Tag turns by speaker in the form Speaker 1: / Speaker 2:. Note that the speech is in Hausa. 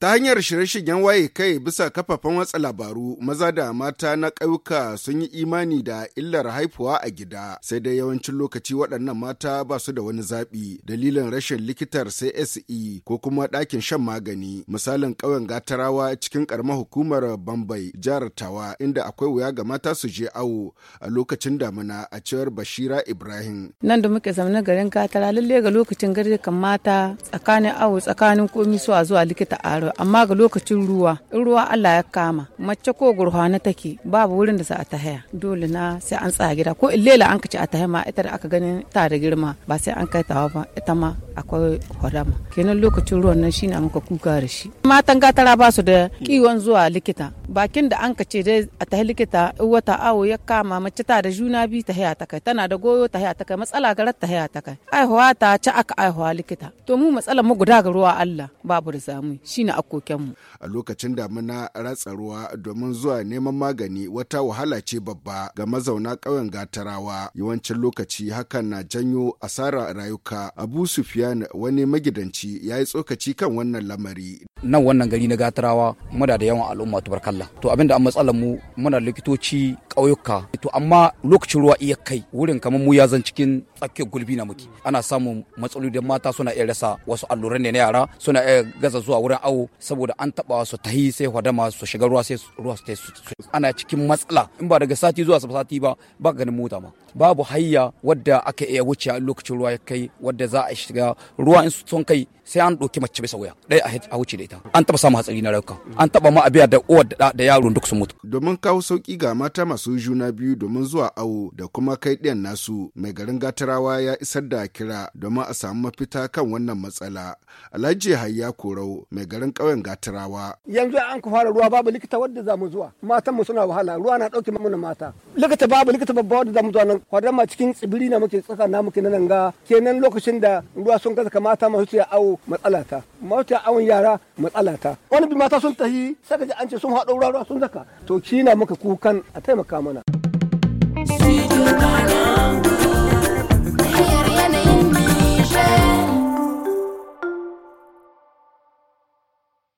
Speaker 1: Ta hanyar shirye-shiryen waye kai bisa kafafen watsa labaru maza da mata na ƙauyuka sun yi imani da illar haifuwa a gida sai dai yawancin lokaci waɗannan mata ba su da wani zaɓi dalilin rashin likitar CSE ko kuma ɗakin shan magani misalin ƙauyen Gatarawa cikin ƙaramar hukumar Bambai jihar Tawa inda akwai wuya ga mata su je awo a lokacin damina a cewar Bashira Ibrahim.
Speaker 2: Nan da muke zamanin garin Gatara lalle ga lokacin kan mata tsakanin awo tsakanin komi su a zuwa likita aro amma ga lokacin ruwa in ruwa Allah ya kama mace ko gurhana take babu wurin da za a haya dole na sai an tsaya gida ko illela an kace a haya ma ita da aka ganin ta da girma ba sai an kai tawa ba ita ma akwai horama kenan lokacin ruwan nan shine muka kuka da shi matan gatara ba su da kiwon zuwa likita bakin da an kace dai a tahi likita wata awo ya kama mace ta da juna biyu ta haya ta kai tana da goyo ta haya ta kai matsala garar ta haya ta kai aihuwa ta ci aka aihuwa likita to mu matsalar mu guda ga ruwa Allah babu da samu shine koken mu a lokacin da
Speaker 1: muna ratsa ruwa domin zuwa neman magani wata wahala ce babba ga mazauna ƙauyen gatarawa yawancin lokaci hakan na janyo asara rayuka abu sufiya Sufyan wani magidanci ya yi tsokaci kan wannan lamari.
Speaker 3: Nan wannan gari na Gatarawa muna da yawan al'umma tubarkalla. To abinda an matsalar mu muna likitoci ƙauyuka. To amma lokacin ruwa iya kai wurin kamar mu ya zan cikin tsakiyar gulbi na muke ana samun matsaloli da mata suna iya rasa wasu alluran ne na yara suna iya gaza zuwa wurin awo saboda an taba su tahi sai hadama su shiga ruwa sai ruwa su su ana cikin matsala in ba daga sati zuwa sati ba ba ganin mota ma babu hayya wadda aka iya wuce lokacin ruwa ya kai wadda za a shiga ruwa in sun kai sai an ɗauki mace bisa wuya ɗaya a wuce da ita an taɓa samun hatsari na rauka an taba ma abiya da uwa da yaron duk sun mutu.
Speaker 1: domin kawo sauki ga mata masu juna biyu domin zuwa awo da kuma kai ɗiyan nasu mai garin gatar Nasarawa ya isar da kira domin a samu mafita kan wannan matsala. Alhaji Hayya Korau mai garin ƙauyen Gatarawa.
Speaker 4: Yanzu an ku fara ruwa babu likita wadda za mu zuwa. Matan mu suna wahala ruwa na ɗauke mana mata. Likita babu likita babba wadda za mu zuwa nan. Kwadar ma cikin tsibiri na muke tsaka na muke nan ga kenan lokacin da ruwa sun gaza mata masu ya awo matsala ta. Masu ya awon yara matsala ta. Wani bi mata sun tahi saka ji an ce sun haɗo ruwa sun zaka. To kina na muka kukan a taimaka mana.